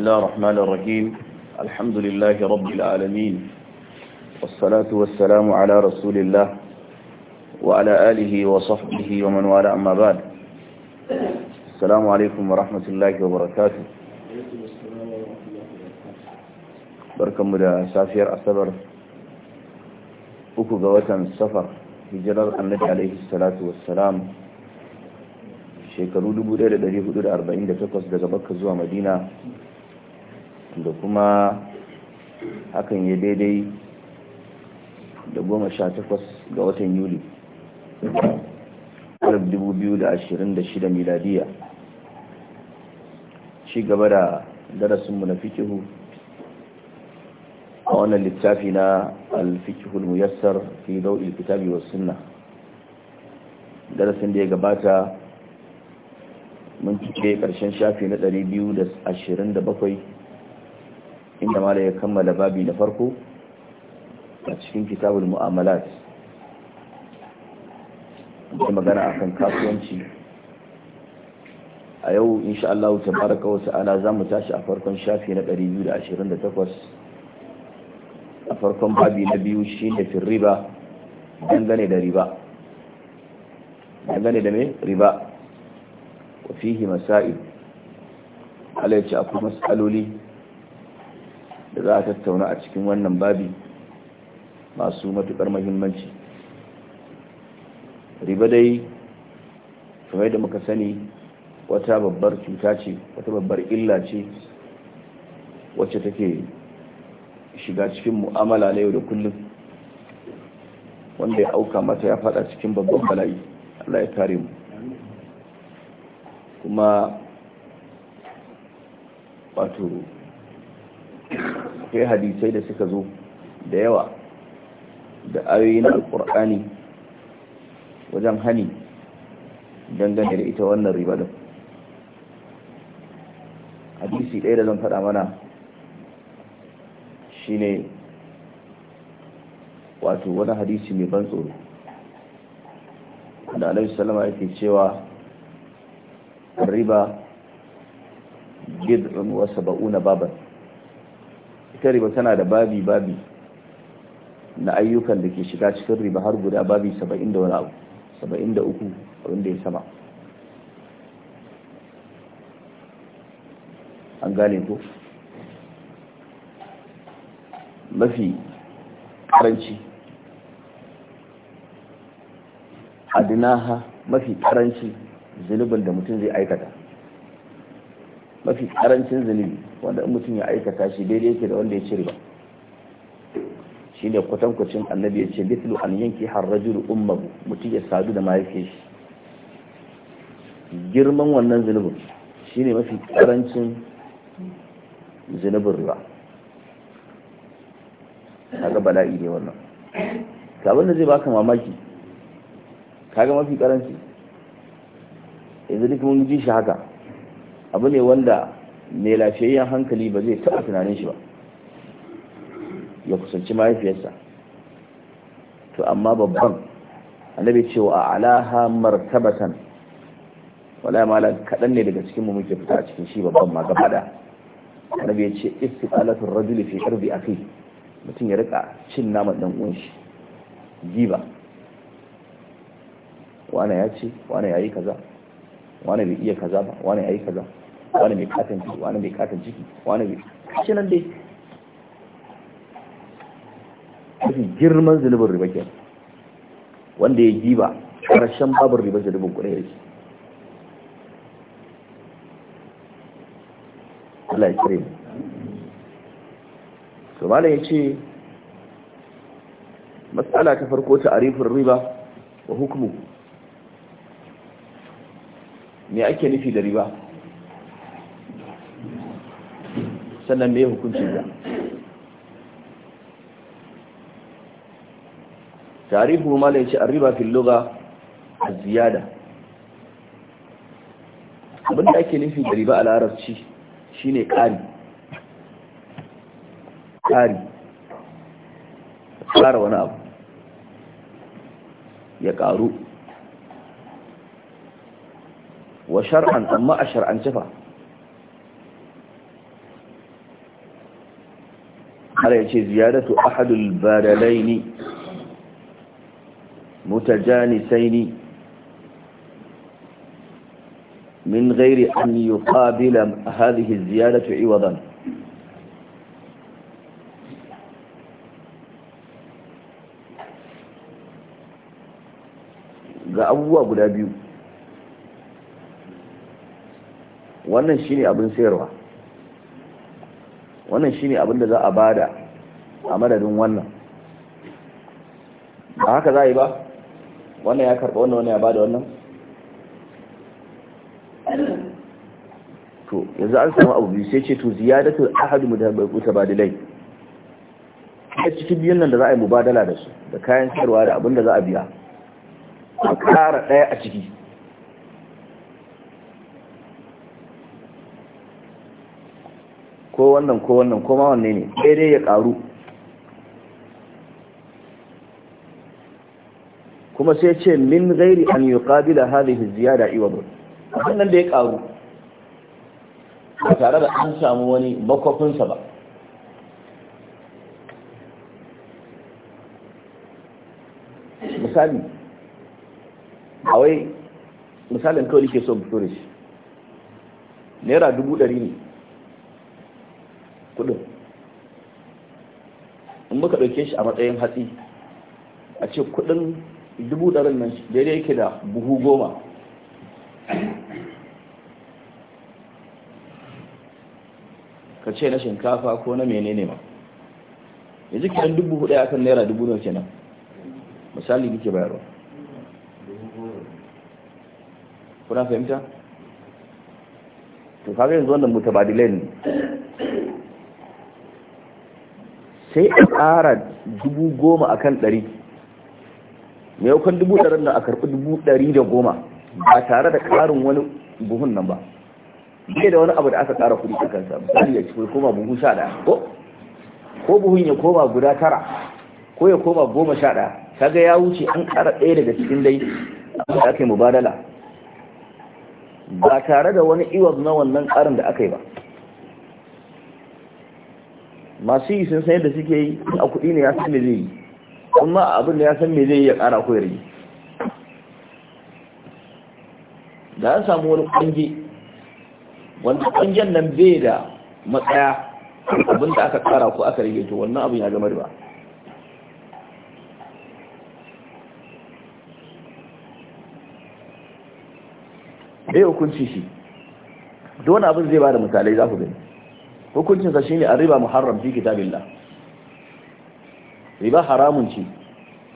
بسم الله الرحمن الرحيم الحمد لله رب العالمين والصلاة والسلام على رسول الله وعلى آله وصحبه ومن والاه أما بعد السلام عليكم ورحمة الله وبركاته barkanmu da safiyar asabar uku ga watan safar hijirar annabi alaihi salatu wassalam shekaru 1448 daga bakka zuwa madina da kuma hakan ya daidai da goma sha takwas ga watan yuli shida miladiya ci gaba da darasinmu na fikihu a wannan littafi na alfikihul muyassar fi dau'il kitabi wa sunna darasin da ya gabata mun cike karshen shafi na bakwai. inda mala ya kammala babi na farko a cikin kitabul mu'amalat da magana a kan kasuwanci a yau insha Allah tabaraka wa ta'ala za mu tashi a farkon shafi na 228 a farkon babi na biyu shine fil riba dangane da riba dangane da me riba wa fihi masail alaihi akwai mas'aloli da za a tattauna a cikin wannan babi masu matuƙar mahimmanci riba dai kamar da muka sani wata babbar cuta ce wata babbar illa ce wacce take shiga cikin mu'amala na yau da kullum wanda ya auka mata ya fada cikin babban bala'i Allah ya kare mu kuma wato akwai hadisai da suka zo da yawa da ayoyi na alkur'ani wajen hani dangane da ita wannan riba da hadisi ɗaya da zan faɗa mana shi ne wato wani hadisi mai ban tsoro da alaihi salama yake cewa riba bid'un wasa bauna babar ita riba tana da babi babi na ayyukan da ke shiga cikin riba har guda babi saba'in da wani abu 73 wanda ya sama an gane ko mafi karanci adinaha mafi karanci zunubin da mutum zai aikata mafi karancin zunubi wanda in mutum ya aikata shi daidai yake da wanda ya ci riba shi ne kwatankwacin annabi ya ce litlu an yanki har rajul ummahu mutum ya sadu da mahaifiyar shi girman wannan zunubin shi ne mafi karancin zunubin riba kaga bala'i ne wannan sabon da zai baka mamaki kaga mafi karanci yanzu duk mun ji shi haka abu ne wanda mai lafiyayyen hankali ba zai taɓa tunanin shi ba ya kusanci mahaifiyarsa to amma babban annabi cewa a alaha martabatan wala mala kaɗan ne daga cikin mu muke fita a cikin shi babban ma gaba da annabi ya ce istiqalatu rajuli fi ardi akhi mutum ya rika cin naman dan uwan shi giba wani ya ce wani ya yi kaza wani bai iya kaza ba wani ya yi kaza wani mai katon ciki wani mai katon ciki wani mai kashi nan dai kashi girman zunubin riba ke wanda ya giba karshen babin riba zunubin kuɗi ya ce Allah ya kire mu to malam ya ce matsala ta farko ta arifin riba wa hukumu me ake nufi da riba sannan me hukunci ba tarihu malai ce arriba fil lugha ziyada abinda ake nufi da riba a larabci shine ƙari ƙari ƙara wani abu ya ƙaru wa shar'an amma a shar'ance fa mala yace ce ziyaratu ahadul badalaini mutajanisaini ga abubuwa guda biyu wannan shine abin sayarwa wannan shine abin da za a bada a madadin wannan ba haka za a yi ba wannan ya karɓa wannan wani ya bada wannan to yanzu an samu abu biyu sai ce to ziyadatul ahadu dalai a cikin biyun nan da za a yi mubadala da su da kayan sayarwa da abin da za a biya a ƙara ɗaya a ciki ko wannan ko wannan ko ma wanne ne ɗaya dai ya ƙaru kuma sai ce min gairi an yuqabila hadhihi ziyada iwabun wannan da ya karu ba tare da an samu wani makwafinsa ba misali a wai misalin kawai ke so fito shi naira dubu ɗari ne kudin in muka ɗauke shi a matsayin hatsi a ce kudin dubu ɗarin nan daidai yake da buhu goma ka ce na shinkafa ko na menene ma yanzu kiran dubu huɗu ya kan naira dubu nawa kenan misali nike bayarwa kuna fahimta to kaga yanzu wannan mutabadilai ne sai a ƙara dubu goma akan ɗari maimakon dubu ɗarin da a karɓi dubu ɗari da goma ba tare da ƙarin wani buhun nan ba ke da wani abu da aka ƙara kuɗi a kansa misali ya ci koma buhu sha ɗaya ko ko buhun ya koma guda tara ko ya koma goma sha ɗaya kaga ya wuce an ƙara ɗaya daga cikin dai da aka yi mubadala ba tare da wani iwas na wannan ƙarin da aka yi ba masu yi sun sayar da suke yi a kuɗi ne ya sani zai yi kuma abin da ya san me zai iya kara ko ya da an samu wani ƙwange wanda ƙwangen nan bai da matsaya abin da aka kara ko aka rage to wannan abin ya gama riba bai hukunci shi don abin zai ba da misalai za ku gani hukuncinsa shi ne an riba muharram fi kitabillah riba haramun ce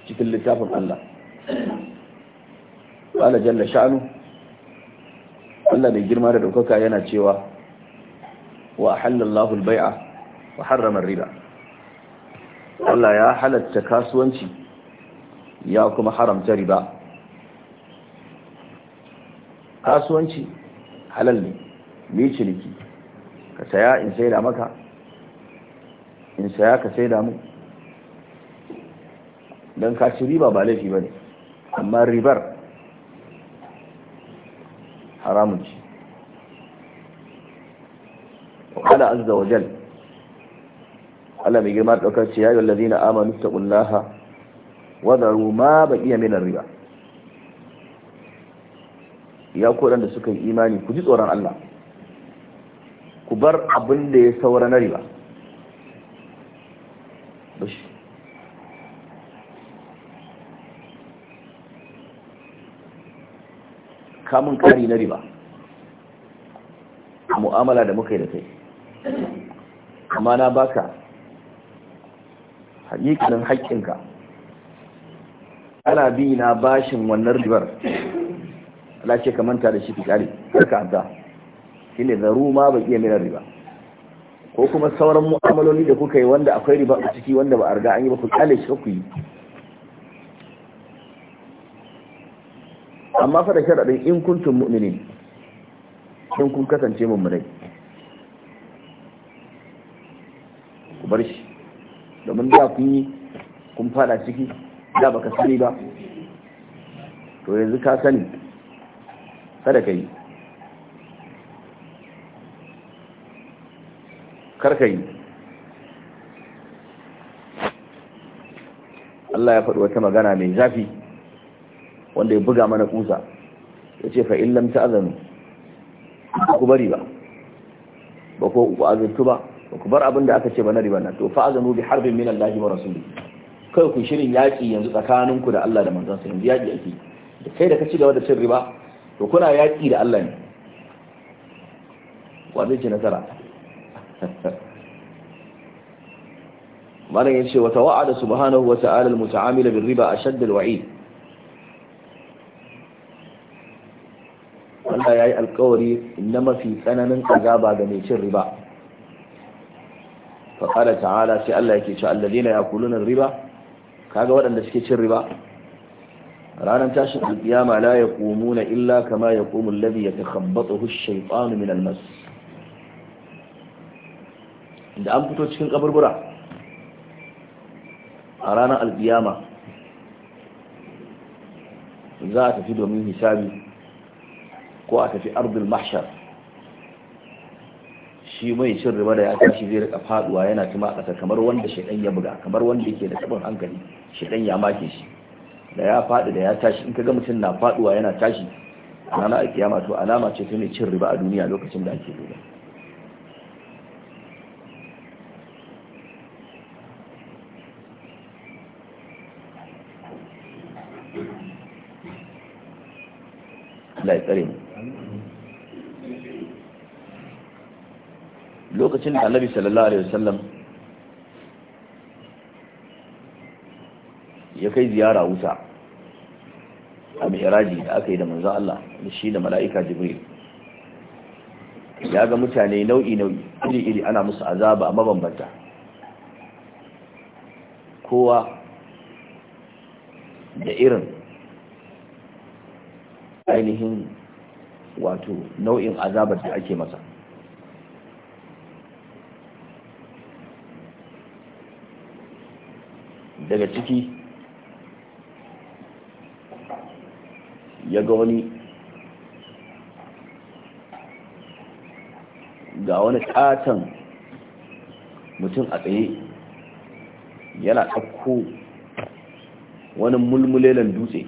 cikin littafin Allah qala jalla sha'nu Allah mai girma da daukaka yana cewa wa ahallallahu al-bai'a wa harrama riba Allah ya halatta kasuwanci ya kuma haramta riba kasuwanci halal ne mai ciniki ka saya in sai da maka in saya ka sai da mu don ka ci riba ba laifi ba ne amma ribar haramun ce waƙala azza wa jal Allah mai girma ɗaukar ce ya lalazi na amanu ta ƙullaha wadaru ma ba iya milan riba ya koɗan da suka yi imani ku ji tsoron Allah ku bar abin da ya saura na riba kamun kari na riba mu'amala da muka yi da kai amma na baka hakikanin haƙƙinka ana bi na bashin wannan ribar ala ce ka manta da shi ƙari, kare karka adda ne da ma ba iya mina riba ko kuma sauran mu'amaloli da kuka yi wanda akwai riba a ciki wanda ba a riga an yi ba ku kale shi ku yi amma fa da sharadin in kuntum mu'minin in kun kasance mu'minai ku bar shi domin da kun yi kun fada ciki da baka sani ba to yanzu ka sani kada ka yi Allah ya faɗi wata magana mai zafi wanda ya buga mana kusa ya ce fa illam ta'zanu ku bari ba ba ko ku azurtu ba ba ku bar abin da aka ce ba na riba na to fa azanu bi harbin min Allah wa rasuli kai ku shirin yaki yanzu tsakaninku da Allah da manzon sa yanzu yaki ake da kai da ka ci gaba da cin riba to kuna yaki da Allah ne wa zai ci nasara malam yace wa tawa'ada subhanahu wa ta'ala al-muta'amila bir riba ashadd al-wa'id Allah ya yi alkawari na mafi tsananin azaba ga mai cin riba faƙada ta'ala sai Allah yake ce alladina ya kulunan riba kaga waɗanda suke cin riba ranar tashin alƙiyama la ya na illa kama ya ƙumun labi ya takhabbata hushaifanu min almas da an fito cikin kaburbura a ranar alƙiyama za a tafi domin hisabi ko a tafi ardul mahshar shi mai cin riba da ya tashi zai rika faduwa yana kuma a kamar wanda shaidan ya buga kamar wanda yake da tabin hankali shaidan ya make shi da ya fadi da ya tashi in kaga mutum na faduwa yana tashi ana a kiyama to alama ce ta mai cin riba a duniya lokacin da ake riba Like, ya tsare lokacin da annabi sallallahu alaihi wasallam ya kai ziyara wuta a mihraji da aka yi da manzo Allah da shi da mala'ika jibril ya ga mutane nau'i nau'i iri iri ana musu azaba mabambanta kowa da irin ainihin wato nau'in azabar da ake masa daga ciki ya ga wani ga wani katon mutum a tsaye yana ɗauko wani mulmulelan dutse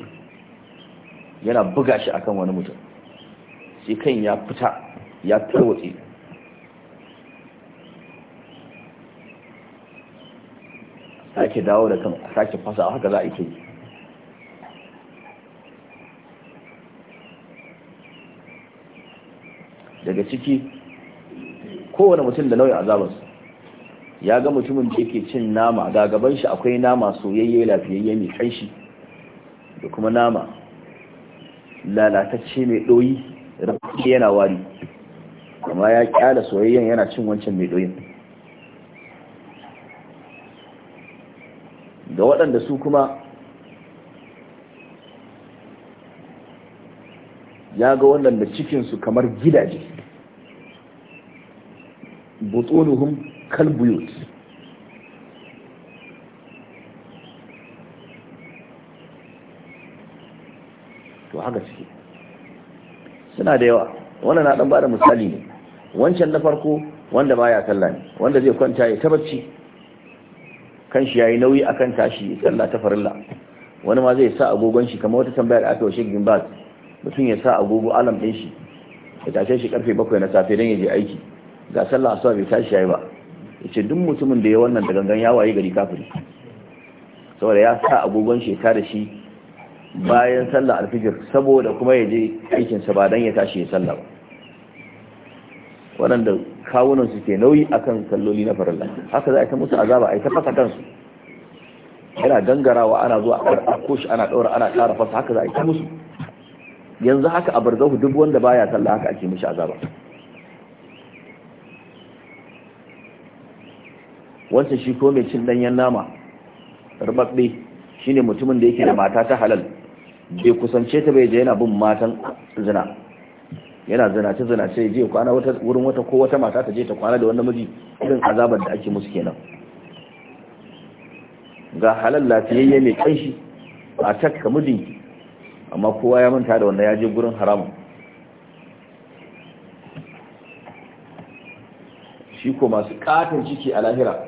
yana buga shi akan wani mutum sai kan ya fita ya tarwatse sake dawo da kan a sake fasa haka za a ke daga ciki kowane mutum da nauyin azabarsu ya ga mutumin da yake cin nama ga gaban shi akwai nama soyayye lafiyayye mai kanshi da kuma nama lalatacce mai ɗoyi rafi yana wari amma ya kyala soyayyen yana cin wancan mai ɗoyin waɗanda su kuma ya ga wannan waɗanda cikinsu kamar gidaje butsunuhun kalbuyot to haka ciki suna da yawa wannan na ɗan ba da misali ne wancan na farko wanda baya sallah ne wanda zai kwanta ya tabbaci. kan shi yayi nauyi akan tashi sallah ta farilla wani ma zai sa agogon shi kamar wata tambaya da aka wa shekin ba mutum ya sa agogo alam din shi ya tashe shi karfe bakwai na safe don ya je aiki ga sallah asuwa bai tashi yayi ba yace duk mutumin da ya wannan da gangan ya waye gari kafiri saboda ya sa agogon shi ta da shi bayan sallah alfijir saboda kuma ya je aikinsa ba don ya tashi ya sallah waɗanda kawunan su ke nauyi akan salloli na farilla haka za a ta musu azaba a yi ta fasa kansu yana gangarawa ana zuwa a koshi ana ɗaura ana ƙara fasa haka za a yi ta musu yanzu haka a barzahu duk wanda baya sallah haka ake mishi azaba wancan shi ko mai cin ɗanyen nama rubabbe shine mutumin da yake da mata ta halal bai kusance ta bai je yana bin matan zina yana zinace zinace ya je kwana wata wurin wata ko wata mata ta je ta kwana da wani namiji irin azabar da ake musu kenan ga halal lafiyayye mai kanshi a takka mijinki amma kowa ya manta da wanda ya je gurin haramun shi ko masu katon ciki a lahira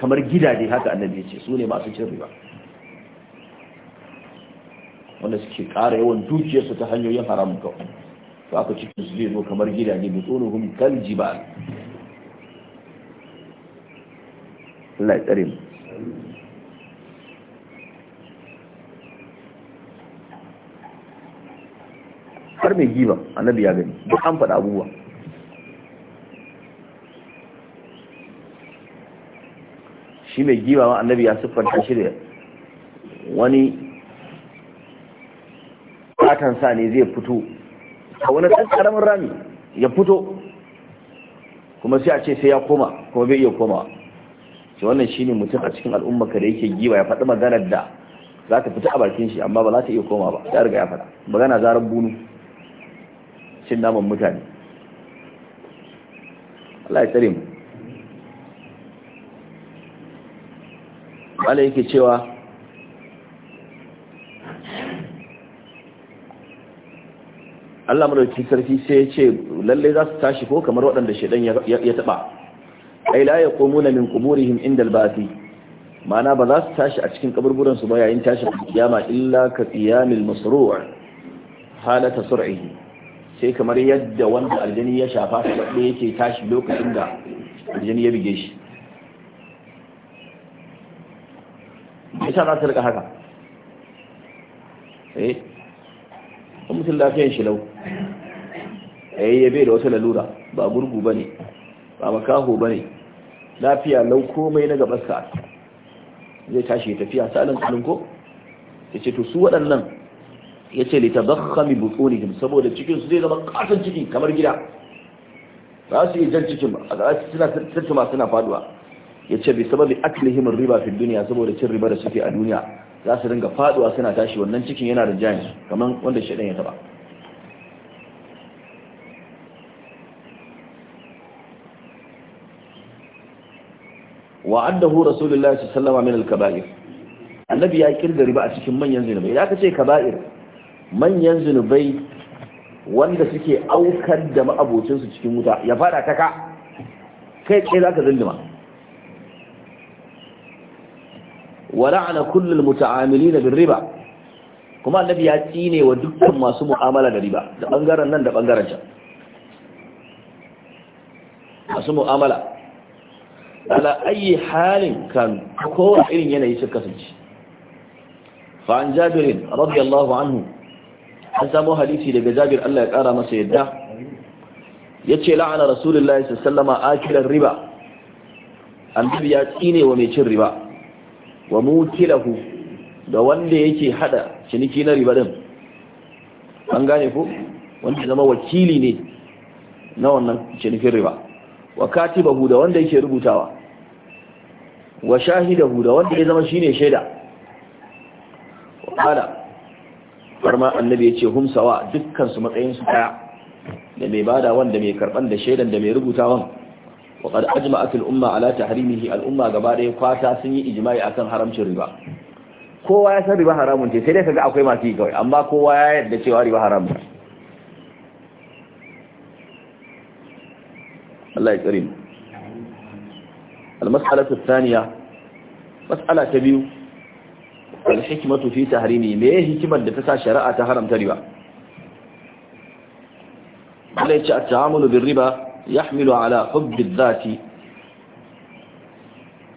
kamar gidaje haka annabi ce su ne masu cin riba wanda suke ƙara yawan dukiyarsu ta hanyoyin haramun kawai to aka cikin su zai zo kamar gidaje da tsoron kal jibal Allah ya tsare har mai giba annabi ya gani duk an faɗa abubuwa shi mai giba ma annabi ya siffanta shi da wani katansa ne zai fito a wani ɗan ƙaramin rami ya fito kuma sai a ce sai ya koma kuma bai iya komawa shi wannan shi ne mutum a cikin al'ummarka da yake giwa ya faɗi maganar da za ta fita a bakin shi amma ba za ta iya koma ba ta riga ya faɗa magana zarar bunu cin naman mutane Allah ya tsare mu Allah yake cewa Allah madaukakin sarki sai ya ce lalle za su tashi ko kamar waɗanda shaidan ya taba ai la yaqumuna min quburihim inda al-ba'thi ma'ana ba za su tashi a cikin kaburburan su ba yayin tashin kiyama illa ka qiyamil masru' halata sur'ihi sai kamar yadda wanda aljani ya shafa shi da yake tashi lokacin da aljani ya bige shi me za su rika haka eh a mutum lafiyan shi lau eh, ya bai da wata lalura ba gurgu ba ne ba makaho ba ne lafiya lau komai na gabarsa zai tashi tafiya salin kalin ko ya ce to su waɗannan ya ce lita bakkami butsunihim saboda cikinsu zai zama kasan ciki kamar gida ba su yi jan cikin ba a suna tattuma suna faduwa ya ce bai sababi aklihim riba fi duniya saboda cin riba da suke a duniya za su ringa faduwa suna tashi wannan cikin yana da jayin su kamar wanda shaidan ya taba wa'addahu rasulullahi sallallahu alaihi min al annabi ya kirga riba a cikin manyan zunubai idan ka ce kaba'ir manyan zunubai wanda suke aukar da ma'abocinsu cikin wuta ya fada ta ka kai tsaye za ka zindima wa la'ana kullul muta'amilina bir riba kuma annabi ya tsine wa dukkan masu mu'amala da riba da bangaren nan da bangaren masu mu'amala ala ayi halin kan kowa irin yanayi suka kasance fa an jabirin radiyallahu anhu an samo hadisi daga jabir Allah ya kara masa yadda yace la'ana rasulullahi sallallahu alaihi wasallam akilar riba annabi ya tsine wa mai cin riba wa mutilahu da wanda yake hada ciniki na riba din an gane ko wanda zama wakili ne na wannan cinikin riba wa katibahu da wanda yake rubutawa wa shahidahu da wanda ya zama shine shaida wala farma annabi yace hum sawa dukkan su matsayin su daya da mai bada wanda mai karban da shaidan da mai rubutawan وقد أجمعت الأمة على تحريمه gabaɗaya kwata, sun yi ijma'i akan haramcin riba. kowa ya san riba haramun ce sai dai kaga akwai masu yi kawai amma kowa ya yadda cewa riba ne Allah ya tsare mu al-mas'alatu thaniya mas'ala ta biyu al-hikmatu fi tahrimi me hikimar da ta sa shari'a ta haramta riba Allah ya ce at-ta'amulu bir riba يحمل على حب الذات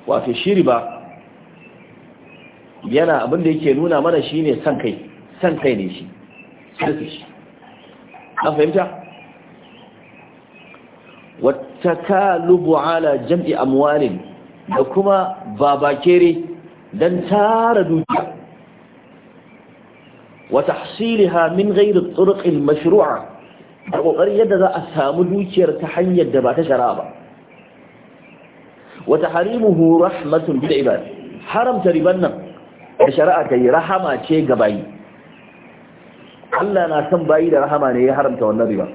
وفي الشربة yana abinda yake nuna mana shine san kai ne shi sarki shi an fahimta wattakalubu ala jam'i amwalin da kuma babakere dan tara dukiya wa tahsilha min ghairi turuq al mashru'a A ƙoƙarin yadda za a samu dukiyar ta hanyar da ba ta shara ba wata harimuhu rahmatun bil ibad haramta riban nan da shari'a ta yi rahama ce ga bayi Allah na san bayi da rahama ne ya haramta wannan riba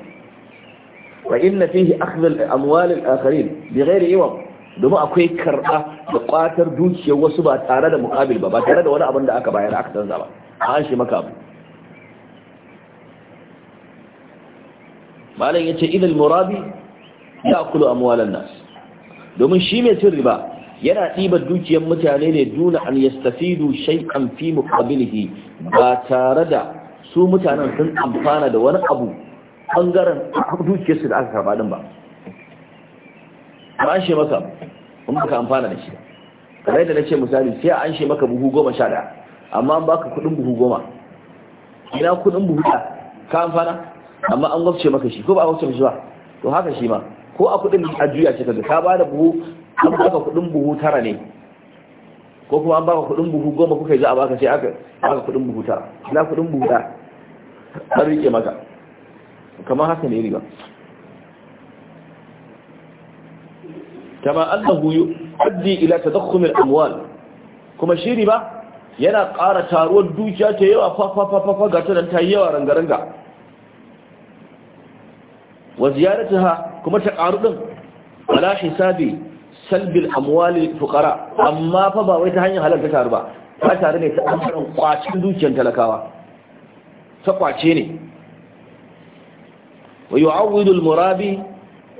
wa inna fihi akhdh al-amwal al-akharin bighairi iwam domin akwai karɓa da ƙwatar dukiyar wasu ba tare da muƙabil ba ba tare da wani abin da aka bayar aka canza ba an shi maka abu malam ya ce idan murabi ya kula amwalan nas domin shi mai cin riba yana ɗibar dukiyar mutane ne duna an yastafidu shay'an fi muqabilihi ba tare da su mutanen sun amfana da wani abu bangaren dukiyarsu da aka karba din ba ba shi maka in baka amfana da shi kamar yadda nace misali sai an shi maka buhu goma sha ɗaya amma an baka kuɗin buhu goma ina kuɗin buhu ɗaya ka amfana amma an gwamce maka shi ko ba a gwamce shi ba to haka shi ma ko a kudin a juya ce kaga ka bada buhu an baka kudin buhu tara ne ko kuma an baka kudin buhu goma kuka yi za a baka sai aka baka kudin buhu tara na kudin buhu da an rike maka kamar haka ne riba kama annahu yu'addi ila tadakhum al-amwal kuma shi riba yana ƙara taruwar dukiya ta yawa fa fa fa fa ga ta nan ta yawa rangaranga wa ziyaratuha kuma ta karu din Wala hisabi salbil amwali fuqara amma fa ba wai ta hanyar halarta taru ba ta tare ne ta amfanin kwacin dukiyar talakawa ta kwace ne wa yu'awwidu al-murabi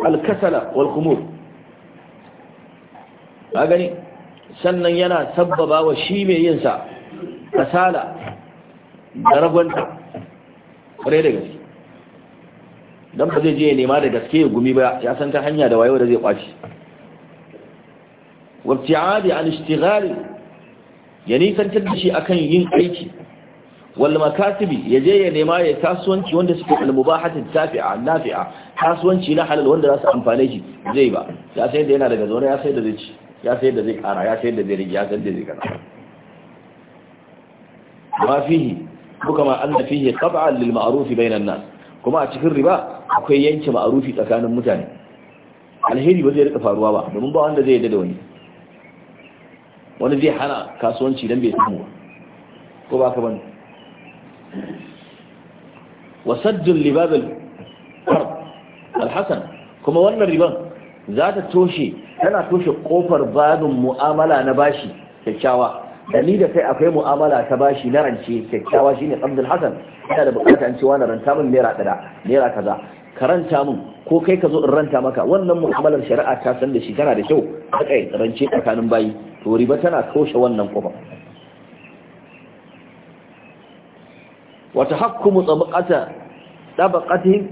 al-kasala wal khumur gani sannan yana sabbaba wa shi mai yinsa, kasala da rabonta ƙwarai da gaske don ba zai je ya nema da gaske ya gumi ba ya san ta hanya da wayo da zai kwaci wabti'adi an ishtighali ya nisantar da shi akan yin aiki wal makasibi ya je ya nema ya kasuwanci wanda suke al-mubahatu tafi'a nafi'a kasuwanci na halal wanda za su amfane shi zai ba ya sai da yana daga zaune ya sai da zai ci ya sai da zai kara ya sai da zai rigi ya sai da zai kara ma fihi ko an da fihi qat'an lil ma'ruf bainan nas kuma a cikin riba akwai yanke ma'arufi tsakanin mutane alheri ba zai rika faruwa ba domin ba wanda zai yadda da wani wani zai hana kasuwanci don bai samu ko ba ka bane wasaddin libabin alhassan kuma wannan riban za ta toshe tana toshe kofar babin mu'amala na bashi kyakkyawa da ni da kai akwai mu'amala ta bashi na rance kyakkyawa shine abdul hasan yana da bukatar cewa na ranta min naira ɗaya naira kaza ka ranta min ko kai ka zo in ranta maka wannan mu'amalar shari'a ta san da shi tana da kyau ka kai rance tsakanin bayi to riba tana toshe wannan kofa Wata tahakkumu tabaqata tabaqatihim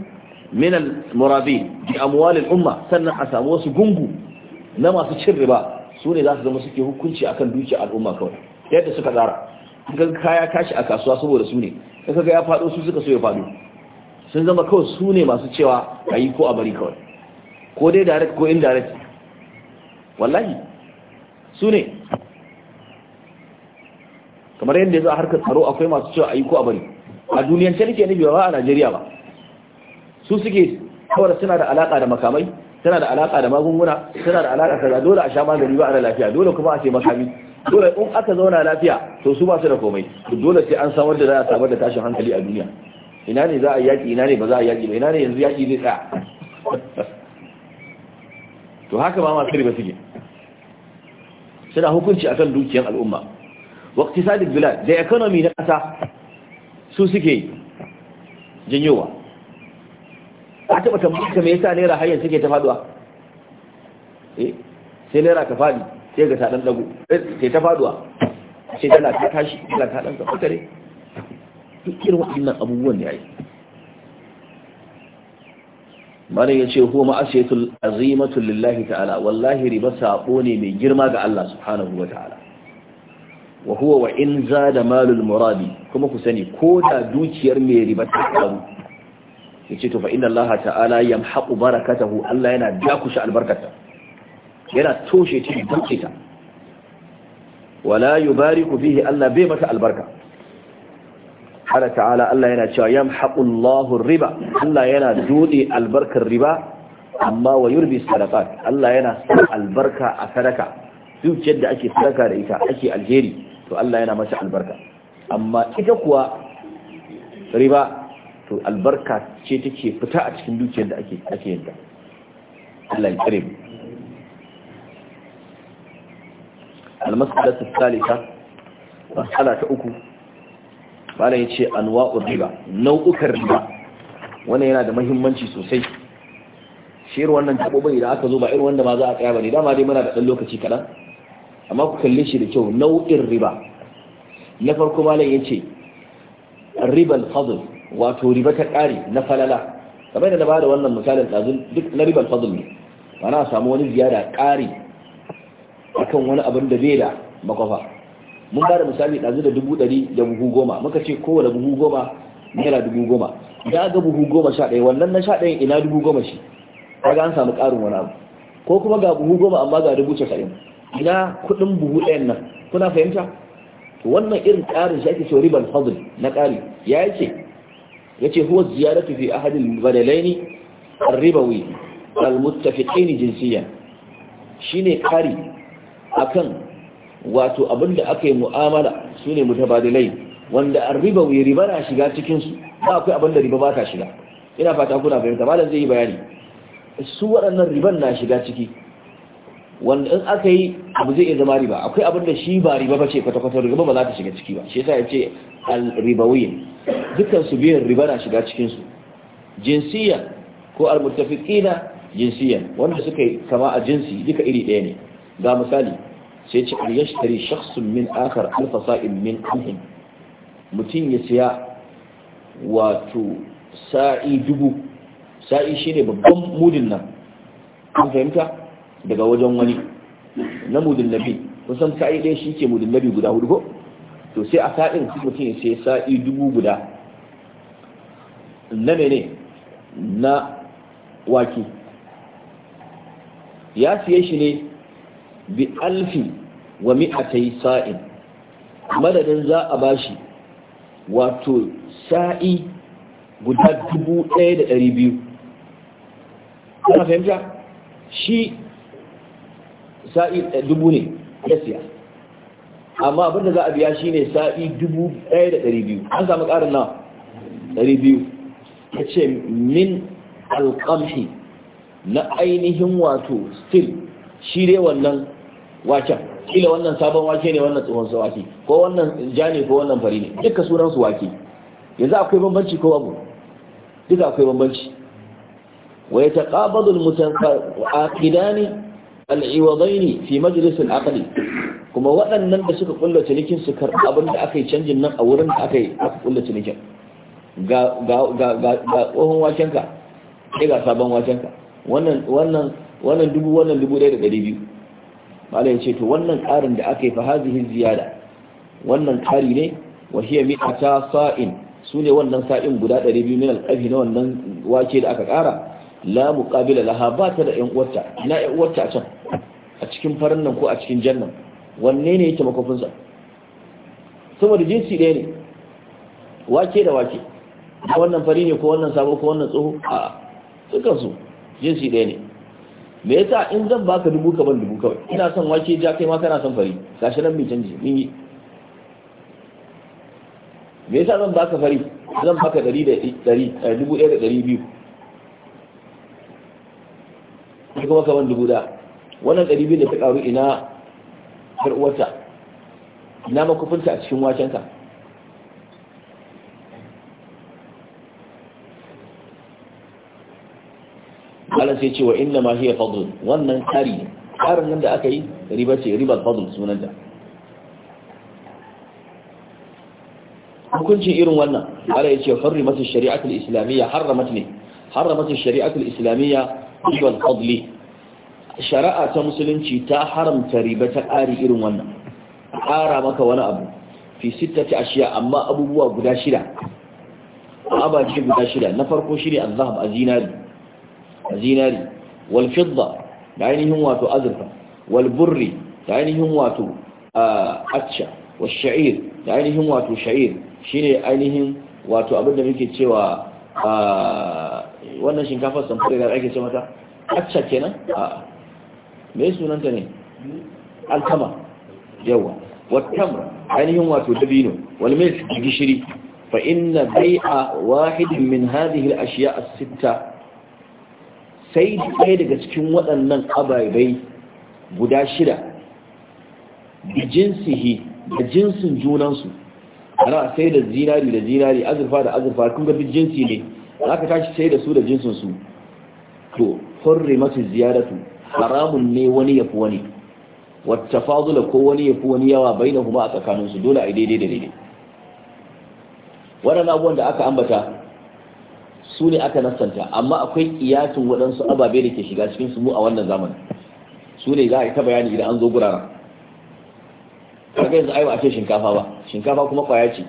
min al murabi bi amwal al-umma sannan a samu wasu gungu na masu cin riba su ne za su zama suke hukunci akan dukiyar al'umma kawai yadda suka tsara kaga kaya kashi a kasuwa saboda su ne kaga ya faɗo su suka so ya faɗo sun zama kawai su ne masu cewa a yi ko a bari kawai ko dai direct ko indirect wallahi su ne kamar yadda za a harkar tsaro akwai masu cewa a yi ko a bari a duniyance nake nufi ba a najeriya ba su suke kawar suna da alaka da makamai suna da alaka da magunguna suna da alaka kaza dole a sha magani ba a da lafiya dole kuma a ce makami dole in aka zauna lafiya to su ba su da komai dole sai an samar da za a samar da tashin hankali a duniya ina ne za a yaƙi ina ne ba za a yaƙi ba ina ne yanzu yaƙi zai tsaya to haka ba, masu riba suke suna hukunci akan dukiyar al'umma wakti sadik Bilal, da economy na ƙasa su suke janyowa a taɓa ka me yasa naira hanyar suke ta faduwa eh, sai naira ka faɗi sai ga ta ɗan ɗago sai eh, ta faduwa sai tana ta tashi tana ta ɗan ƙafakare duk waɗannan abubuwan ne ai malam ya ce huwa azimatu lillahi ta'ala wallahi riba sabo ne mai girma ga Allah subhanahu wa ta'ala wa huwa wa in zada malul murabi kuma ku sani ko da dukiyar mai riba ta karu yace to fa inna Allah ta'ala yamhaqu barakatahu Allah yana dakushe albarkata yana toshe ta dace wala yubariku fihi Allah bai mata albarka ala ta'ala Allah yana cewa yamhaqullahu riba Allah yana dode albarkar riba amma wa yurbi sadaqat Allah yana sa albarka a sadaka zuciyar da ake sadaka da ita ake alheri to Allah yana mata albarka amma ita kuwa riba to albarka ce take fita a cikin dukiyar da ake ake yanta Allah ya tsare mu al-mas'alatu thalitha ta uku malam ya ce anwa'ur riba nau'ukar riba wannan yana da mahimmanci sosai shi wannan tabobai da aka zo ba irin wanda ma za a tsaya ne dama dai muna da ɗan lokaci kaɗan amma ku kalle shi da kyau nau'in riba na farko malam ya ce ribal fadl wato riba ta ƙari na falala kamar da na bada wannan misalin ɗazun duk na ribal fadl ne ana samu wani ziyara ƙari akan wani abin da bai da makwafa mun ba da misali ɗazu da dubu ɗari da buhu goma muka ce kowane buhu goma naira dubu goma da ga buhu goma sha ɗaya wannan na sha ɗaya ina dubu goma shi kaga an samu ƙarin wani abu ko kuma ga buhu goma amma ga dubu casa'in ina kuɗin buhu ɗayan nan kuna fahimta wannan irin ƙarin shi ake cewa riban fadl na ƙari ya yake ya ce huwa ziyaratu fi Ahadin badalaini arribawi al muttafiqain jinsiyan shine ƙari akan wato abinda aka yi mu'amala su ne mutabadilai wanda an riba wuyi riba na shiga cikinsu ba akwai abinda riba ba ta shiga ina fata kuna fahimta malam zai yi bayani su waɗannan riban na shiga ciki wanda in aka yi abu zai iya zama riba akwai abinda shi ba riba ba ce kwata-kwata riba ba za ta shiga ciki ba shi yasa ya ce al-ribawiyin dukkan su biyan riba na shiga cikinsu jinsiya ko al-muttafiqina jinsiyan wanda suka yi kama a jinsi duka iri ɗaya ne ga misali sai ce an yashtari shakhsun min akar alfa sa'in min amhin mutum ya siya wato sa'i dubu sa'i shine babban mudin nan an fahimta daga wajen wani na mudin nabi kusan sa'i ɗaya shi ke mudin nabi guda hudu ko to sai a sa'in mutum ya siya sa'i dubu guda na mene na waki ya siya shi ne bi alfi wa mi'atai sa'in madadin za a bashi wato sa'i guda dubu ɗaya da ɗari biyu ana fahimta shi sa'i eh, dubu ne ya siya amma abinda za a biya shi ne sa'i dubu ɗaya da ɗari biyu an samu ƙarin na ɗari biyu ta ce min alƙamshi na ainihin wato stil shi dai wannan waken kila wannan sabon wake ne wannan tsohon su wake ko wannan ja ne ko wannan fari ne duka sunan su wake yanzu akwai bambanci ko babu duka akwai bambanci wa taqabadu al mutaqidani al-iwadaini fi majlis al-aqli kuma waɗannan da suka kulla cinikin su kar abin da aka yi canjin nan a wurin da aka yi aka kulla cinikin ga ga ga ga tsohon wakenka sai ga sabon wakenka wannan wannan wannan dubu wannan dubu ɗaya da ɗari biyu mala ya ce to wannan ƙarin da aka yi fa hazihi ziyada wannan ƙari ne wa hiya mi'ata sa'in su ne wannan sa'in guda 200 min alqafi na wannan wake da aka kara la muqabila laha ba ta da 'yan uwarta ina yan uwarta a can a cikin farin nan ko a cikin jannan wanne ne yake makofin sa saboda jinsi ɗaya ne wake da wake wannan fari ne ko wannan sabo ko wannan tsoho a dukansu jinsi ɗaya ne me yasa in zan baka dubu ka ban dubu kawai ina son wake ja kai ma kana son fari gashi nan bai canji mun yi me yasa zan baka fari zan baka dari da dari eh, dubu ɗaya da dari biyu kai kuma ka ban dubu da wannan dari biyu da ta karu ina har uwarta ina makufinta a cikin wakenka nan sai cewa inna ma hiya fadl wannan kari karin nan da aka yi riba ce ribar fadl sunanta hukuncin irin wannan ala yace hurrimat ash-shari'atu al-islamiyya harramat ne harramat ash al-islamiyya riba fadli shari'a ta musulunci ta haramta riba ta ƙari irin wannan ƙara maka wani abu fi sittati ashiya amma abubuwa guda shida abace guda shida na farko shine azhab azinari da zinari wal fidda da ainihin wato azurfa wal burri da ainihin wato acca wal sha'ir da ainihin wato sha'ir shine ainihin wato abinda muke cewa wannan shinkafar samfuri da ake ce mata acca kenan a me sunanta ne alkama yawa والتمر عليهم وتدبين والملك بشري wahidin min واحد من هذه الأشياء الستة sai ɗaya daga cikin waɗannan ababai guda shida da jinsihi da jinsin junansu ana sai da zinari da zinari azurfa da azurfa kun gabi jinsi ne za ka tashi sai da su da jinsinsu to hurri masu ziyaratu haramun ne wani ya fi wani wata fazula ko wani ya fi wani yawa bai na kuma a tsakaninsu dole a daidai da daidai waɗannan abubuwan da aka ambata su ne aka nasanta, amma akwai kiyasin waɗansu ababe da ke shiga cikin su mu a wannan zamanin su ne za a yi ta bayani idan an zo gurara kaga yanzu ai ba a ce shinkafa ba shinkafa kuma kwaya ce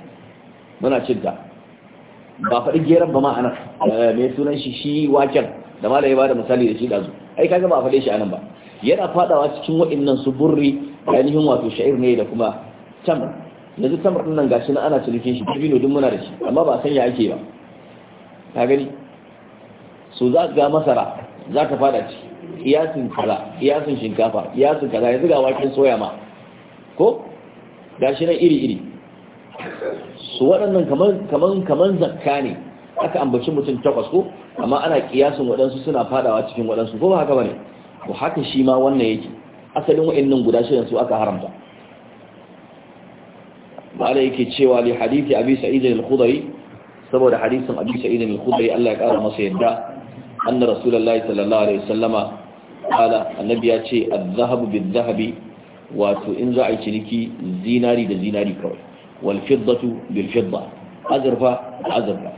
muna cin ba faɗi geran ba ma ana eh, mai sunan shi shi waken da ma da ya bada misali da shi dazu ai kaga ba a faɗe shi anan ba yana faɗawa cikin waɗannan su burri ainihin wato sha'ir ne da kuma tamar yanzu tamar ɗin nan gashi na ana cinikin shi dubino duk muna da shi amma ba a san ya ake ba ta gani su za ga masara za ka fada ci iyasin kaza iyasin shinkafa iyasin kaza yanzu ga waken soya ma ko shi nan iri iri su waɗannan kaman zakka ne aka ambaci mutum takwas ko amma ana kiyasin waɗansu suna fadawa cikin waɗansu ko ba haka bane ko haka shi ma wannan yake asalin wa'annan guda shirin su aka haramta da yake cewa li hadisi abi sa'id al-khudri saboda hadisin Abi Sa'id al-Khudri Allah ya kara masa yadda anna Rasulullahi sallallahu alaihi wasallama kala annabi ya ce adh zahabu bidh zahabi, wato in za a yi ciniki zinari da zinari kawai wal fiddatu bil fidda azurfa da azurfa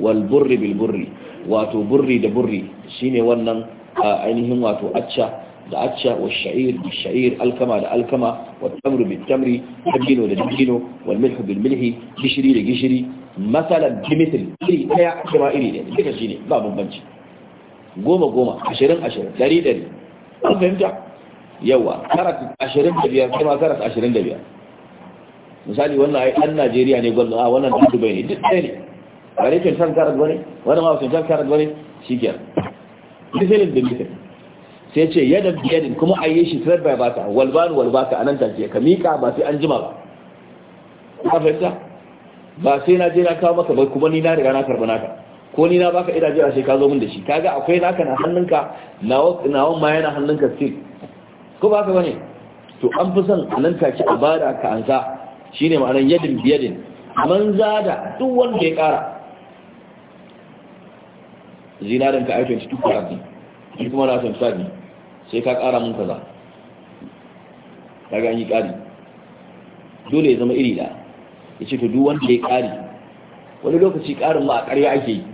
wal burri bil burri wato burri da burri shine wannan ainihin wato acca da acca wa sha'ir da sha'ir alkama da alkama wa tamru bil tamri dabino da dabino wal milhu bil milhi gishiri da gishiri masalan bimitin iri ɗaya kuma iri ne, duka shi ne ba bambanci goma goma ashirin ashirin ɗari ɗari an fahimta yawa karat ashirin da biyar kuma karat ashirin da biyar misali wannan ai ɗan najeriya ne gwamna a wannan ɗan dubai ne duk ɗaya ne ba ne tuntun karat wani wani ma tuntun karat wani shi kiyar misalin bimitin sai ce yadda biyanin kuma a yi shi tirar bai baka walbanu walbaka a nan take ka miƙa ba sai an jima ba ka fahimta ba sai na je na kawo maka ba kuma ni na riga na karba naka ko ni na baka ina jira sai ka zo min da shi kaga akwai naka na hannunka nawa nawa ma yana hannunka still ko ba ka bane to an fi son nan take a bada ka an sa shine ma'anar yadin biyadin man zada duk wanda ya kara zinarin ka aikin cikin kurabi shi kuma na son sabi sai ka kara mun kaza kaga an yi kari dole ya zama iri da ya ce to duk wanda ya ƙari wani lokaci ƙarin ma a ƙarya ake yi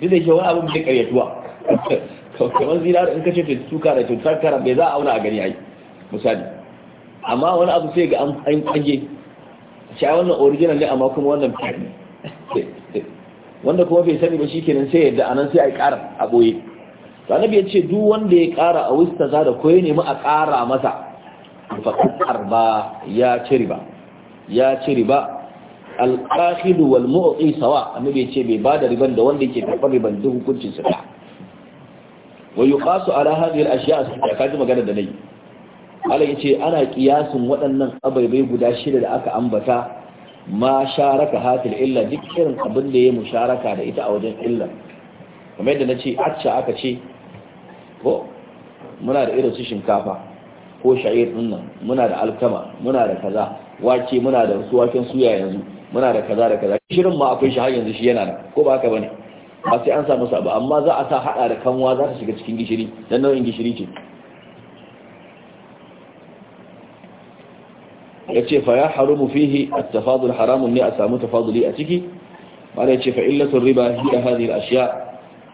duk da ke wani abin bai ƙaryatuwa kamar zinar in kace to tuka da to tsakara bai za a auna a gani ai misali amma wani abu sai ga an ƙage shi a wannan original ne amma kuma wannan fari wanda kuma bai sani ba shi kenan sai yadda anan sai a yi ƙara a ɓoye to annabi ya ce duk wanda ya ƙara a wista za da koyi nemi a ƙara masa faƙar ba ya ci riba ya ce riba al-akhidu wal mu'ti sawa annabi ya ce bai bada riban da wanda yake karɓar riban duk hukuncin sa wa yuqasu ala hadhihi al-ashya' sai ka ji magana da nayi Allah ce ana kiyasin waɗannan abaibai guda shida da aka ambata ma sharaka hatil illa duk irin abin da ya musharaka da ita a wajen illa kamar yadda nace acca aka ce ko muna da irin su shinkafa ko sha'ir din nan muna da alkama muna da kaza wake muna da su waken suya yanzu muna da kaza da kaza shirin ma akwai shi har yanzu shi yana da ko ba haka bane ba sai an samu sabu amma za a sa hada da kanwa za ta shiga cikin gishiri dan nau'in gishiri ce yace fa ya haramu fihi at-tafadul haramun ne a samu tafaduli a ciki mala yace fa illatu riba hiya hadhihi al-ashya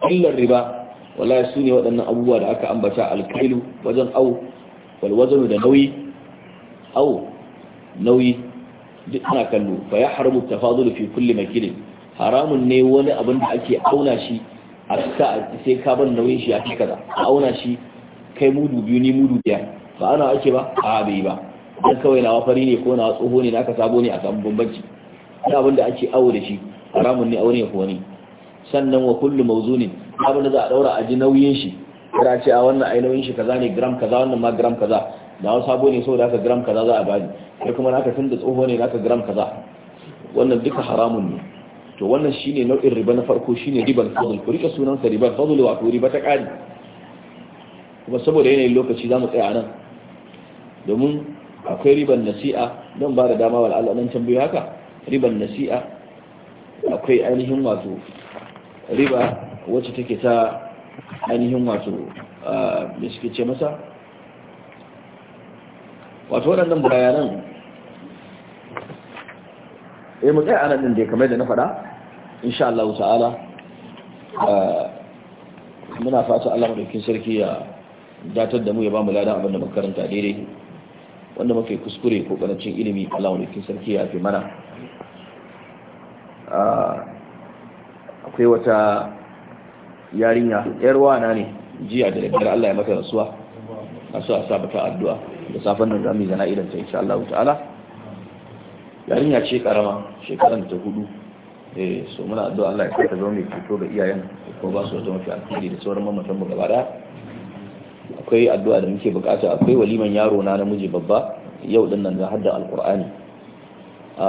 illa riba wallahi sune waɗannan abubuwa da aka ambata al-kailu wajen au wal da nauyi au nauyi duk ana kallo fa ya haramu tafadulu fi kulli makilin haramun ne wani abin da ake auna shi a sa sai ka ban nauyin shi a kaza a auna shi kai mudu biyu ni mudu biyar ba ana ake ba a bai ba dan kawai nawa fari ne ko nawa tsoho ne naka sabo ne a samu bambanci da abin da ake awo da shi haramun ne aure ko ne sannan wa kullu mawzunin abin da za a daura a ji nauyin shi kira ce a wannan ai nauyin shi kaza ne gram kaza wannan ma gram kaza na wasu sabo ne saboda aka gram kaza za a bani kai kuma naka tunda tsoho ne naka gram kaza wannan duka haramun ne to wannan shine nau'in riba na farko shine riban fadl ku rika sunan sa riban fadl wato riba ta kari kuma saboda yanayin lokaci zamu tsaya anan domin akwai riban nasi'a don ba da dama wal Allah dan tambayi haka riban nasi'a akwai ainihin wato riba wacce take ta ainihin wato ah, me suke ce masa wato waɗannan bayanan ya eh, mu a nan da da kamar da na faɗa insha Allah ta'ala eh, muna fata Allah maɗaukin sarki ya datar da mu ya ba mu ladan abinda makaranta daidai wanda mafi kuskure ko karancin ilimi Allah madaukakin sarki ya fi mana eh, akwai wata yarinya yar na ne jiya da daddare Allah ya mata rasuwa asu a sabata addu'a da safan nan zamu zana idan ta insha Allah ta'ala yarinya ce karama shekaran ta hudu eh so muna addu'a Allah ya ta zama mai fito ga iyayen ko ba su wata mafi alheri da sauran mamatan mu gaba da. akwai addu'a da muke bukata akwai waliman yaro na namiji babba yau din nan zan hadda alqur'ani a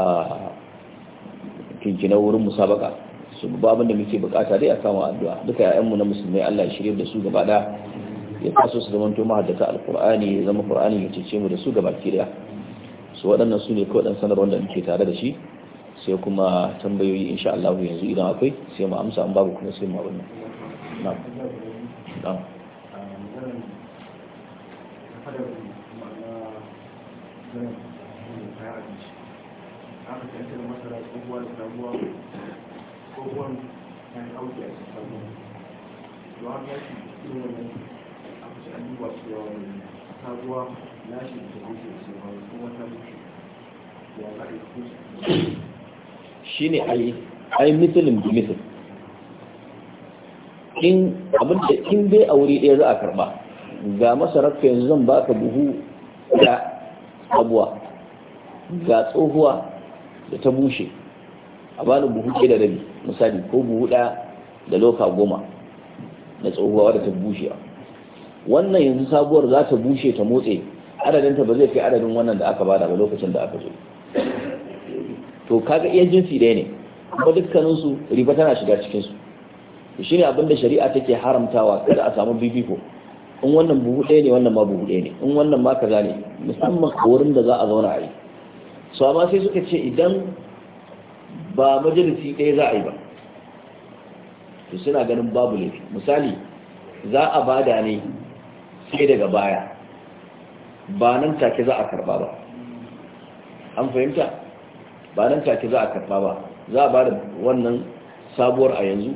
kinkina wurin musabaka su babban da muke bukata dai a kama addu'a duka 'ya'yanmu na musulmai Allah ya shirye da su gaba da. ya kaso su zama to mahaddata alkur'ani ya zama qur'ani ya cece mu da su ga baki daya su waɗannan su ne kawai dan sanarwar da muke tare da shi sai kuma tambayoyi insha Allah yanzu idan akwai sai mu amsa an babu kuma sai mu abin nan na'am Thank you. duba cewa ta ruwa ya shi da wuce cewa kuma ta mutu ya za a yi shi ne ai ai misalin da misalin in abinda in dai a wuri ɗaya za a karɓa ga masarar yanzu zan ba ka buhu da abuwa ga tsohuwa da ta bushe a bani buhu ke da rabi misali ko buhu ɗaya da loka goma na tsohuwa da ta bushe wannan yanzu sabuwar za ta bushe ta motse adadinta ba zai fi adadin wannan da aka bada ba lokacin da aka zo to kaga iya jinsi ɗaya ne kuma dukkaninsu riba tana shiga cikinsu shi ne abinda shari'a take haramtawa kada a samu bibiko in wannan buhu ɗaya ne wannan ma buhu ɗaya ne in wannan ma kaza ne musamman a wurin da za a zauna a yi su amma sai suka ce idan ba majalisi ɗaya za a yi ba to suna ganin babu laifi misali za a bada ne sai daga baya ba nan take za a karba ba an fahimta ba nan take za a karba ba za a ba da wannan sabuwar a yanzu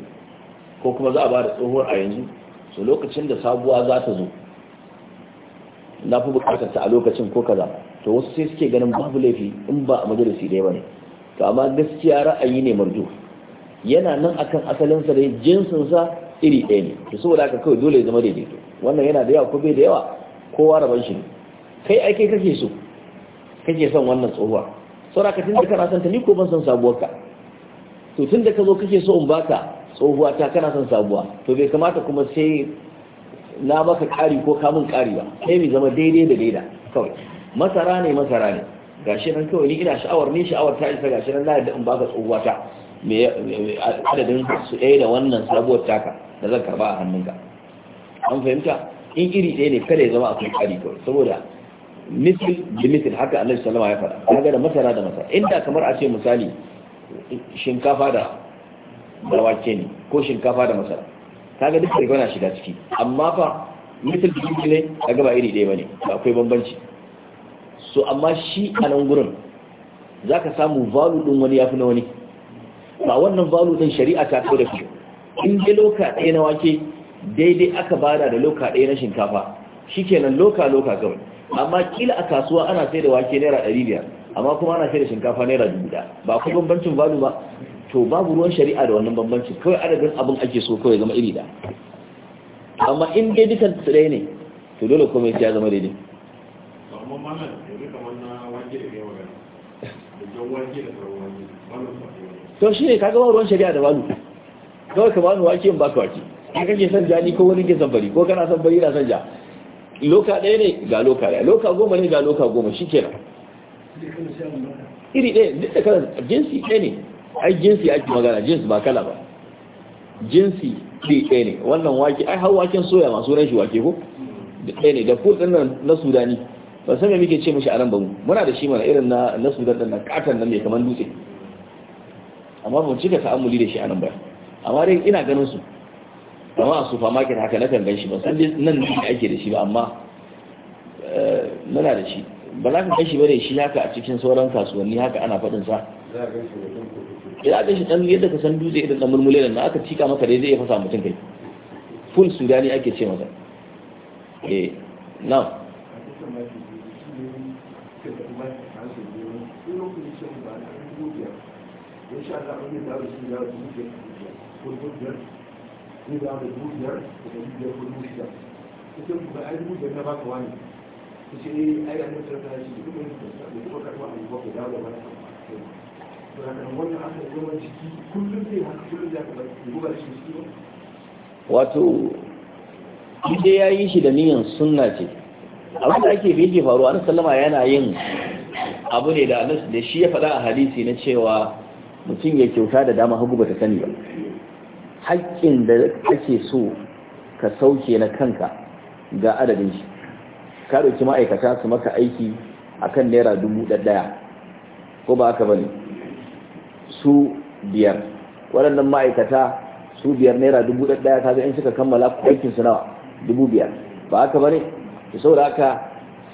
ko kuma za a ba da tsohuwar a yanzu so lokacin da sabuwa za ta zo na fi bukatar ta a lokacin ko kaza to wasu sai suke ganin babu laifi in ba a majalisi dai ba ne to amma gaskiya ra'ayi ne marjo yana nan akan asalinsa da jinsinsa iri ɗaya ne to saboda haka kai dole ya zama daidaito wannan yana da yawa ko bai da yawa kowa rabon shi kai ake kake so kake son wannan tsohuwa saura ka tun da kana son ta ni ko ban son sabuwar ka to tun da ka zo kake so in baka tsohuwa ta kana son sabuwa to bai kamata kuma sai na maka ƙari ko ka mun ƙari ba sai mai zama daidai da daida kawai masara ne masara ne gashi nan kawai ni ina sha'awar ni sha'awar ta isa gashi nan na yadda in baka tsohuwa ta adadin su ɗaya da wannan sabuwar taka da zan karba a hannunka an fahimta in iri ɗaya ne kada ya zama akwai ƙari kawai saboda misil da misil haka annabi sallama ya faɗa ga da masara da masara inda kamar a ce misali shinkafa da wake ne ko shinkafa da masara kaga duk da gona shiga ciki amma fa misil da misil ne kaga ba iri ɗaya bane akwai bambanci so amma shi a nan gurin zaka samu valu din wani yafi na wani ba wannan valu din shari'a ta kawo da shi in dai loka ɗaya na wake daidai aka bada da loka ɗaya na shinkafa shikenan loka loka kawai amma kila a kasuwa ana sai da wake naira ɗari biyar amma kuma ana sai da shinkafa naira dubu ɗaya ba ku bambancin balu ba to babu ruwan shari'a da wannan bambancin kawai adadin abin ake so kawai zama iri da amma in dai dukan su ɗaya ne to dole komai ya zama daidai to shi ne kaga ba ruwan shari'a da balu kawai ka bani wake in baka wake ka kake san ja ni ko wani ke san bari ko kana san bari na san ja loka ɗaya ne ga loka ɗaya loka goma ne ga loka goma shi kenan iri ɗaya duk da kala jinsi ɗaya ne ai jinsi ake magana jinsi ba kala ba jinsi ɗi ɗaya ne wannan wake ai har waken soya masu ran shi wake ko ɗaya ne da kudin nan na sudani ba san me muke ce mishi a nan ba mu muna da shi mana irin na na sudan ɗin nan katan nan mai kamar dutse amma ba mu cika ta'ammuli da shi a nan ba amma dai ina ganin su kamar a supermarket haka na kan shi ba san nan da ake da shi ba amma eh, muna da shi ba za ka gan shi ba da shi haka a cikin sauran kasuwanni haka ana faɗin sa ya ga shi dan yadda ka san dutse idan da mulmule nan aka cika maka dai zai ya fasa mutum kai full sudani ake ce masa eh na Thank you. zai dawo da dubu biyar da dubu biyar ko dubu shida ita kuma ai dubu biyar na ba ka wani ta ce ai an mutu ta shi duk wani da ta kuma karɓa a yiwuwa ko dawo da wani to da kan wannan aka yi wani ciki kullum zai haka kullum zai haka ba da shi ciki ba wato ita ya yi shi da niyan sunna ce abin da ake fiye faruwa na sallama yana yin abu ne da shi ya faɗa a hadisi na cewa mutum ya kyauta da dama hagu ba ta sani ba haƙƙin da ake so ka sauke na kanka ga adadin shi ka ɗauki ma'aikata su maka aiki a kan naira dubu ɗaya ko ba haka ba ne su biyar waɗannan ma'aikata su biyar naira dubu ɗaya ta in suka kammala aikinsu nawa dubu biyar ba haka ba ne da haka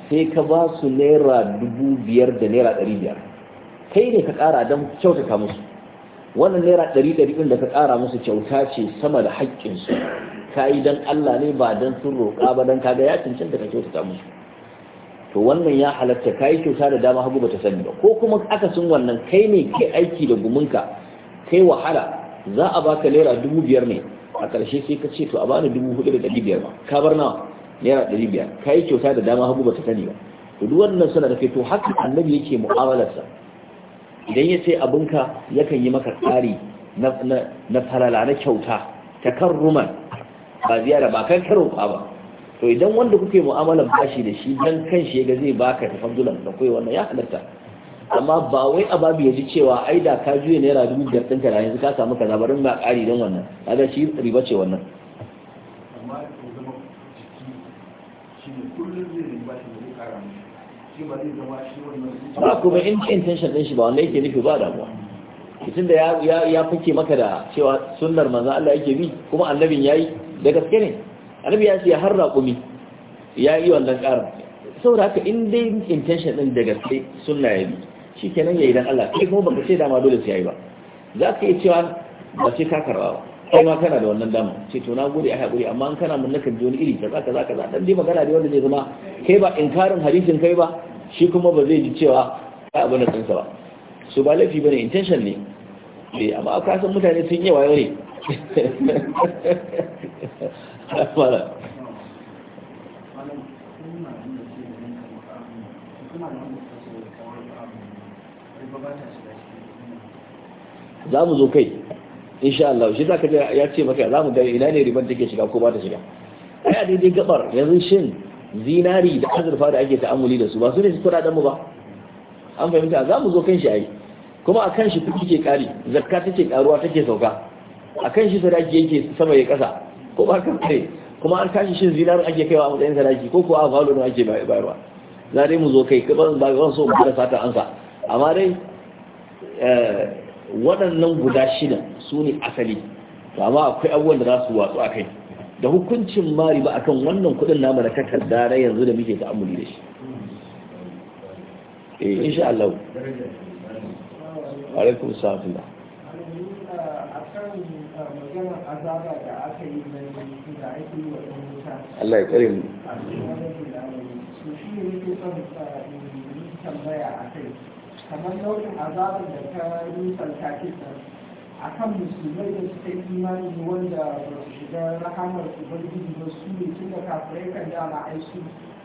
sai ka ba su naira dubu biyar da naira ɗari biyar kai ne ka ƙara don kyautata musu wannan naira ɗari ɗari ɗin da ka ƙara musu kyauta ce sama da haƙƙinsu ka yi don Allah ne ba don sun roƙa ba don kaga ya da ka kyautata musu to wannan ya halatta ka yi kyauta da dama hagu bata sani ba ko kuma aka sun wannan kai ne ke aiki da guminka kai wahala za a baka naira dubu biyar ne a ƙarshe sai ka ce to a bani dubu hudu da ɗari biyar ba ka bar nawa naira ɗari biyar ka yi kyauta da dama hagu bata sani ba to duk wannan suna da to haka annabi yake mu'amalarsa idan ya sai abinka yakan yi maka tsari na falala na kyauta ta kan ruman ba ziyara ba kan karo ba to idan wanda kuke mu'amalan bashi da shi dan kan shi ga zai baka ta da kai wannan ya halatta amma ba wai a babu ya ji cewa ai da ka juye naira dubu biyar ɗinka da yanzu ka samu kaza barin ba ƙari don wannan kaga shi riba ce wannan amma zama jiki shi ne kullum zai riba shi ne ƙara mishi ba kuma in intention din shi ba wanda yake nufi ba damuwa mutum da ya fake maka da cewa sunnar manzan Allah yake bi kuma annabin yayi da gaske ne annabi ya ce har raƙumi ya yi wannan ƙarin saboda haka in dai intention din da gaske sunna ya bi shi kenan ya yi dan Allah kai kuma baka ce dama dole sai yayi ba za ka iya cewa ba sai ka karba ba kai ma kana da wannan dama ce to na gode ai hakuri amma an kana mun nakan ji wani iri kaza kaza kaza dan dai magana da wanda zai zama kai ba inkarin hadisin kai ba shi kuma ba zai ji cewa ka abu na tsinsa ba Su ba laifi bane intention ne eh amma ka san mutane sun yi wayo ne fara za mu zo kai insha Allah shi zaka ga ya ce maka za mu ga ina ne riban take shiga ko ba ta shiga ai a daidai gabar yanzu shin zinari da azurfa da ake ta'amuli da su ba su ne su kudaden mu ba an fahimta za mu zo kan shi ai kuma akan shi kuɗi ke kari zakka take karuwa take sauka akan shi sadaki yake sama ya kasa ko ba ka kai kuma an kashi shin zinarin ake kaiwa a matsayin sadaki ko kuwa a valo ne ake bayarwa za dai mu zo kai kaban ba ga so mu da sata ansa amma dai eh, waɗannan guda shida su ne asali to amma akwai abubuwan da za su watsu a kai da hukuncin ma riba akan wannan kuɗin namu da takarda na yanzu da muke ta'amuli da shi eh insha Allah alaikum salam Allah ya kare mu eh, tambaya a kai kamar nau'in azabar da ta nufar kafinan a kan musulmai da suka yi imani wanda ba su shiga rahamar ubangiji ba su ne tun da kafirai kan dama ai su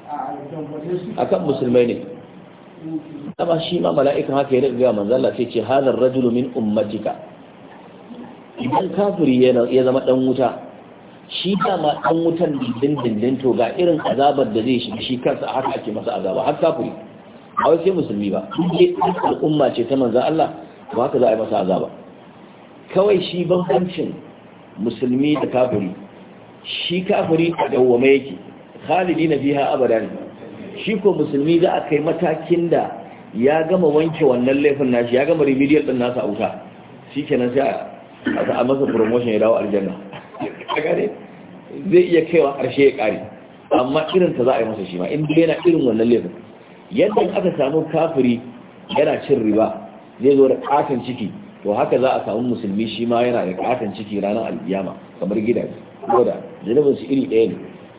a dangwane su a kan musulmai ne amma shi ma mala'ikan haka ya daga gama manzala sai ce hadar rajulu min ummatika idan kafiri ya zama dan wuta shi dama dan wutan dindindin to ga irin azabar da zai shiga shi kansa haka ake masa azaba har kafiri a wasu musulmi ba ke al'umma ce ta manzan Allah ba haka za a yi masa azaba kawai shi bambancin musulmi da kafiri shi kafiri a dawwame yake khalidi na biya abada ne shi ko musulmi za a kai matakin da ya gama wanke wannan laifin nashi ya gama remedial din nasa a wuta shi kenan sai a masa promotion ya dawo aljanna zai iya kaiwa ƙarshe ya ƙare amma irin ta za a yi masa shi ma in yana irin wannan laifin yadda aka samu kafiri yana cin riba zai zo da katon ciki to haka za a samu musulmi shi ma yana da katon ciki ranar alkiyama kamar gidaje saboda zunubin su iri ɗaya ne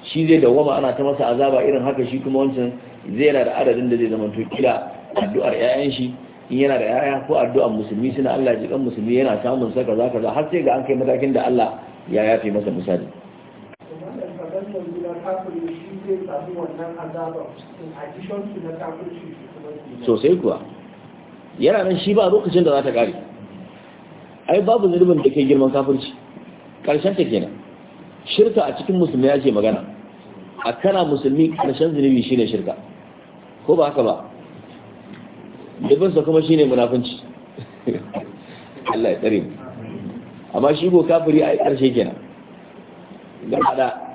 shi zai dawwama ana ta masa azaba irin haka shi kuma wancan zai yana da adadin da zai zama to kila addu'ar 'ya'yan shi in yana da 'ya'ya ko addu'ar musulmi suna Allah ya jikan musulmi yana samun saka za kaza har sai ga an kai matakin da Allah ya yafe masa misali zai samu wannan azabar in na sosai kuwa yana nan shi ba a lokacin da za ta kare ai babu zurbin da ke girman kafirci karshen ta kenan shirka a cikin musulmi ya ce magana a kana musulmi karshen zunubi shine shirka ko ba haka ba dubinsa kuma shine munafunci Allah ya tsari amma shi ko kafiri a ƙarshe kenan gaba da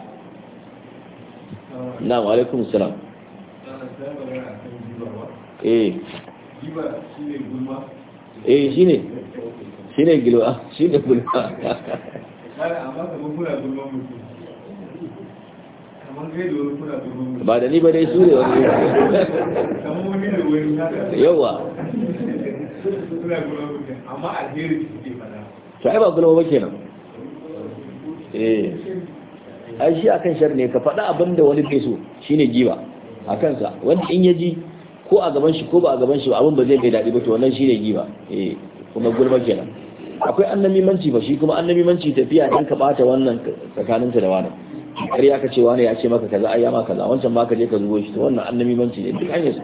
na'am alaikum salam eh eh shine shine gilwa shine gulma ba da ni ba dai su ne wani yawa amma a jere su ke fada ba gulma ba ke nan eh ai shi akan shar ne ka faɗa abin da wani bai so shine giba a kansa wanda in ya ji ko a gaban shi ko ba a gaban shi abin ba zai bai daɗi ba to wannan shine giba eh kuma gulma kenan akwai manci ba shi kuma manci tafiya dan ka bata wannan tsakaninta da wani kar ya ka ce wani ya ce maka kaza ai ya maka kaza wancan ma ka je ka zubo shi to wannan manci ne duk hanyar su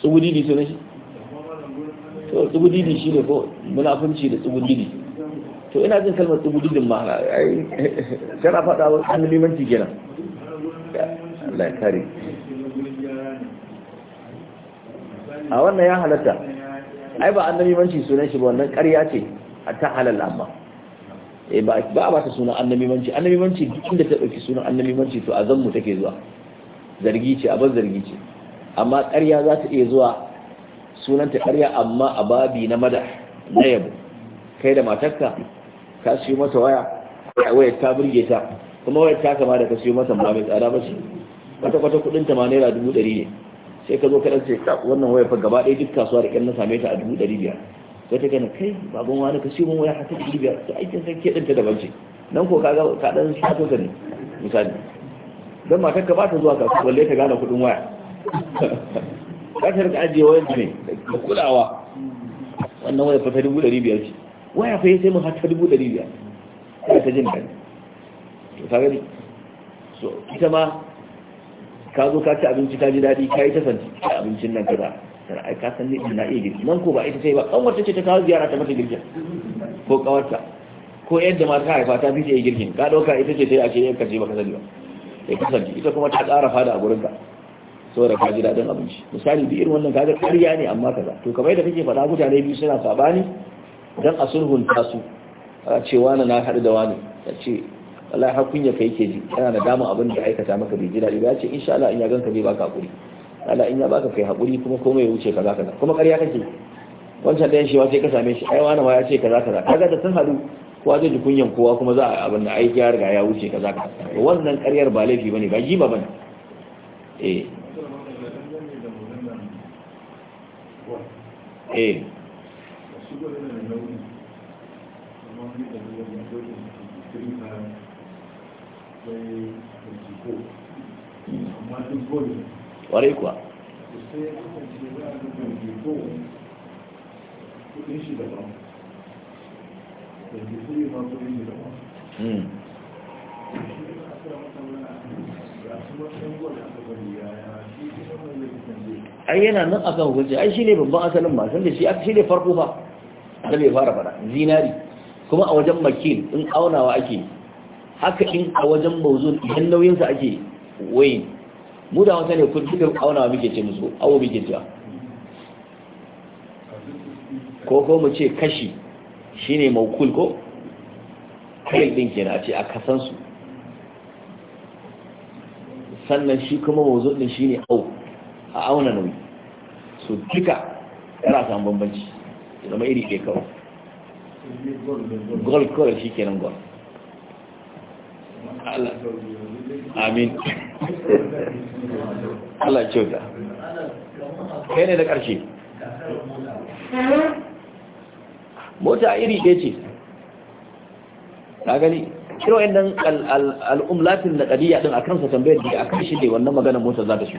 tsubudidi to ne shi to tsubudidi shi ne ko munafunci da tsubudidi to ina jin kalmar tsubudin ma ai kana fada wa an limanci kenan Allah ya kare a wannan ya halatta ai ba annabi manci sunan shi ba wannan ƙarya ce a ta halal amma eh ba ba ba ta sunan annabi manci annabi manci duk inda ta dauki sunan annabi manci to azan mu take zuwa zargi ce abin zargi ce amma ƙarya za ta iya zuwa sunanta ƙarya amma a babi na mada na yabo kai da matarka ka siyo mata waya waya ta burge ta kuma waya ta kama da ka siyo mata ma mai tsada ba ce wata kwata kudin ta ma naira dubu ɗari ne sai ka zo ka ɗance ka wannan waya fa gaba ɗaya duk kasuwa da ƙyanna na same ta a dubu ɗari biyar sai ta gana kai babban wani ka siyo min waya haka dubu biyar to aikin sai ke ɗanta daban ce nan ko ka ga ka ɗan shato ka ne misali don matar ka ba ta zuwa kasuwa balle ta gane kudin waya ka ta rika ajiye wayar ne da kulawa wannan waya fa ta dubu ɗari biyar ce waya fa ya sai mun hata dubu ɗari biyar kai ta jin daɗi to ka gani so ita ma ka zo ka ci abinci ka ji daɗi ka yi ta santi abincin nan kaza sana ai ka san na iya girki nan ko ba ita sai ba kan wacce ce ta kawo ziyara ta mata girkin ko kawarta ko yadda ma ta haifa ta fice girkin ka ɗauka ita ce sai a ce yanka ce ka sani ba ya kasance ita kuma ta ƙara fada a gurinka saboda ka ji daɗin abinci misali bi irin wannan kaga ƙarya ne amma kaza to kamar yadda kake faɗa mutane biyu suna sabani don a sulhunta su a ce wani na haɗu da wani ya ce Allah har kunya kai ke ji yana da dama abin da aikata maka bai ji daɗi ba ya ce insha Allah in ya ganka zai baka hakuri Allah in ya baka kai hakuri kuma komai ya wuce kaza kaza kuma ƙarya kake wancan ɗayan shi sai ka same shi ai wani ma ya ce kaza kaza kaga da sun haɗu kowa zai ji kunyan kowa kuma za a abin da aiki ya riga ya wuce kaza kaza wannan ƙaryar ba laifi bane ba giba bane eh eh ko yana da nauyi da wani kuwa ya kasance za a duka jiko kudin shi shi hmm. ai yana nan akan hujja ai shine babban asalin ma da shi shine farko ba. annabi ya fara fara zinari kuma a wajen makil in aunawa ake haka in a wajen bauzun idan nauyinsa ake wayin mu da wata ne kun duka aunawa muke ce musu awo muke cewa ko ko mu ce kashi shine maukul ko kai din kenan a ce a kasan su sannan shi kuma mawzun din shine au a auna nauyi su duka kana samun bambanci zama iri ɗaya kawo, gol kawai shi ke nan gol amin Allah kyauta kai ne da ƙarshe mota iri ɗaya ce na gani kiro yin nan al'umlatin da ƙariya ɗin a kansa tambayar da a kan shi ne wannan magana mota za ta shi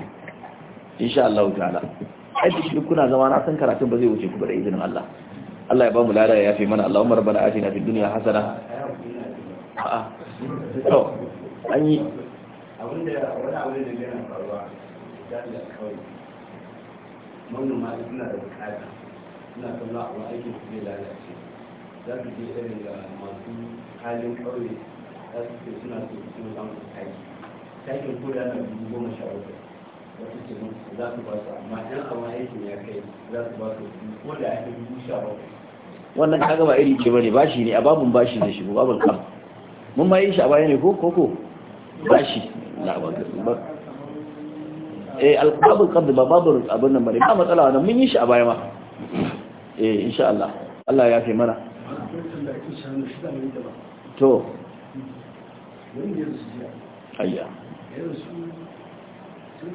insha Allah ta'ala aiki duk kuna zama na san karatun ba zai wuce ku da izinin Allah Allah ya ba mu lada ya fi mana Allahumma rabbana atina fid dunya hasana a'a to an yi abinda wani abu ne da yana faruwa da da kawai manoma suna da bukata suna kallon abu aikin su zai lalace za su je irin ga masu halin kauye za su ce suna so su samu taki takin ko da na dubu goma sha bakwai wasu ce za su ba su amma ɗan aikin ya kai za su ba su ko da ya dubu sha wannan kaga ba iri ce bane bashi ne a babun bashi da shigo babun kam mun ma yi shi a baya ne ko koko bashi na ba eh alqabul qabd ba babun abun nan bane ba matsala wannan mun yi shi a baya ma eh insha Allah Allah ya kai mana to ayya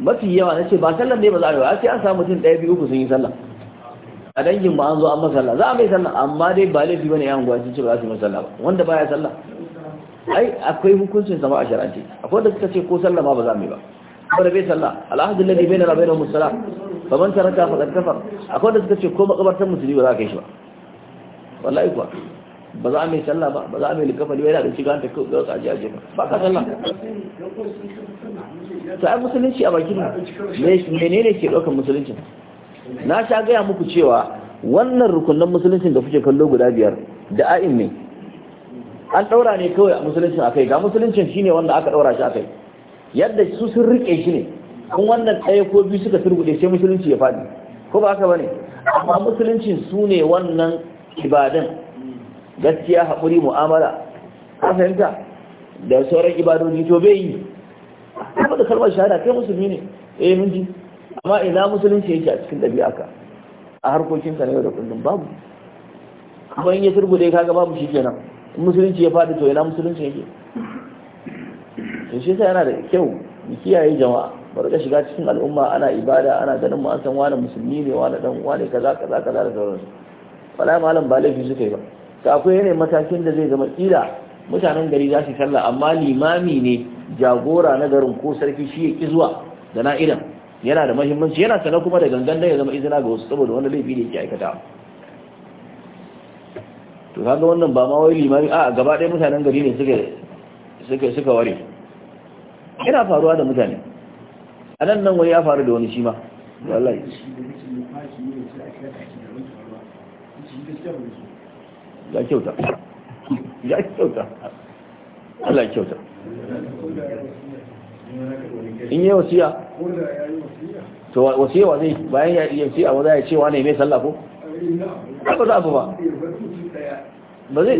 mafi yawa na ce ba sallar ne ba za a yi ba sai an samu mutum ɗaya biyu uku sun yi sallah a dangin ba an zo an sallar za a mai sallah amma dai ba laifi bane yan gwaji ce ba za su yi wanda ba wanda sallar sallah ai akwai hukuncin sama a shar'ance akwai wanda suka ce ko sallah ma ba za mu yi ba kuma da bai sallah al'ahadin bai na wa bainahum musala, salah faman taraka faqad kafar akwai wanda suka ce ko makabartar musulmi ba za ka kai shi ba wallahi kuwa ba za a mai sallah ba ba za a mai likafari yana da shiga ta kai ga tsaji aje ba ka sallah ta ai musulunci a bakin menene ke ɗaukar musulunci na sha gaya muku cewa wannan rukunan musulunci da kuke kallo guda biyar da a'in ne an ɗaura ne kawai a kai ga musulunci shine wanda aka ɗaura shi a kai. yadda su sun rike shi ne kun wannan ɗaya ko biyu suka turbuɗe sai musulunci ya faɗi ko ba haka ba ne amma musulunci su ne wannan ibadan gaskiya haƙuri mu'amala a fahimta da sauran ibadoni to bai yi kuma da kalmar shahada kai musulmi ne eh mun ji amma ina musulunci yake a cikin ka? a harkokinka na yau da kullum babu kuma in ya dai kaga babu shi kenan musulunci ya faɗi to ina musulunci yake to shi sai yana da kyau mu kiyaye jama'a bar ka shiga cikin al'umma ana ibada ana ganin mu an san wani musulmi ne wani dan wani kaza kaza kaza da sauransu wala malam ba laifi suka yi ba ta akwai yanayin matakin da zai zama kila mutanen gari za su sallah amma limami ne jagora na garin ko sarki shi ya ki zuwa da na'idan yana da mahimmanci yana sana kuma da gangan da ya zama izina ga wasu saboda wanda laifi da yake aikata to kaga wannan ba ma wai limami a gaba ɗaya mutanen gari ne suka suka suka ware yana faruwa da mutane a nan nan wani ya faru da wani shi ma wallahi ya kyauta ya kyauta Allah kyauta in yi wasiya to wasiya wa zai bayan ya yi wasiya wa ya ce wa ne mai sallah ko ba za a ba ba zai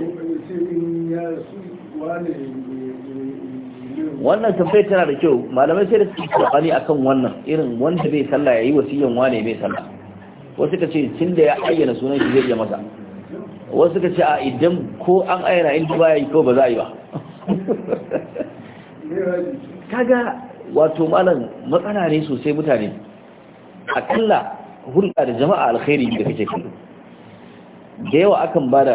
wannan tambayar tana da kyau malamai sai da su kwani akan wannan irin wanda bai sallah ya yi wasiyan wane mai sallah wasu ka ce tun da ya ayyana sunan shi zai iya masa wasu ka ce a idan ko an aina in ba yi ko ba za a yi ba kaga wato malam matsala ne sosai mutane akalla hulɗa da jama'a alkhairi da kake kallo da yawa akan ba da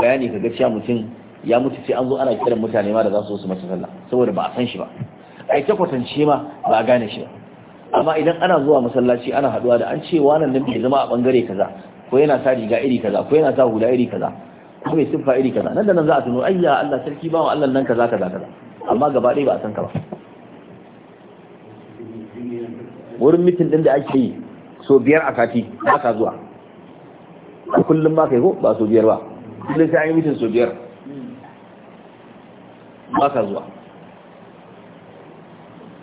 bayani ga cewa mutum ya mutu sai an zo ana kiran mutane ma da za su wasu masu sallah saboda ba a san shi ba a ita kwatance ma ba a gane shi ba amma idan ana zuwa masallaci ana haɗuwa da an ce wannan nan bai zama a bangare kaza ko yana sa riga iri kaza ko yana sa hula iri kaza ko mai siffa iri kaza nan da nan za a tuno ayya Allah sarki ba Allah nan kaza kaza kaza amma gaba ɗaya ba a san ka ba wurin mitin din da ake yi so biyar a kati ba ka zuwa kullum ba kai yi ko ba so biyar ba kullum sai an yi mitin so biyar ba ka zuwa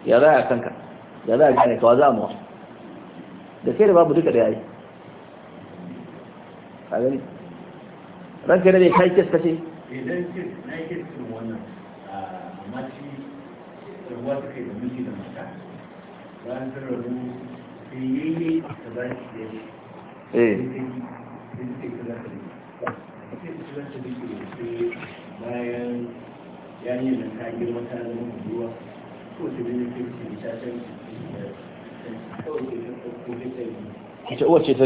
ya za a kanka ya za a gane kawa za a mawa da kai da babu duka da yayi a gani ranka ne kai ce? idan ce na wannan amma shi ruwa ta kai da miji da mata ta rabu sai ta da shi eh ta ta ce ta ta ke bayan da ta girma ta zama ruwa ko ta ta ce ta san ta ta ce ta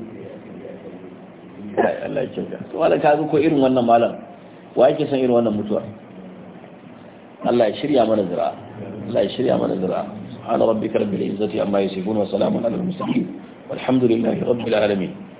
kai Allah ya kyauta to wala ka ko irin wannan malam wa yake san irin wannan mutuwa Allah ya shirya mana zira Allah ya shirya mana zira subhana rabbika rabbil izzati amma yasifun wa salamun alal mursalin والحمد لله رب العالمين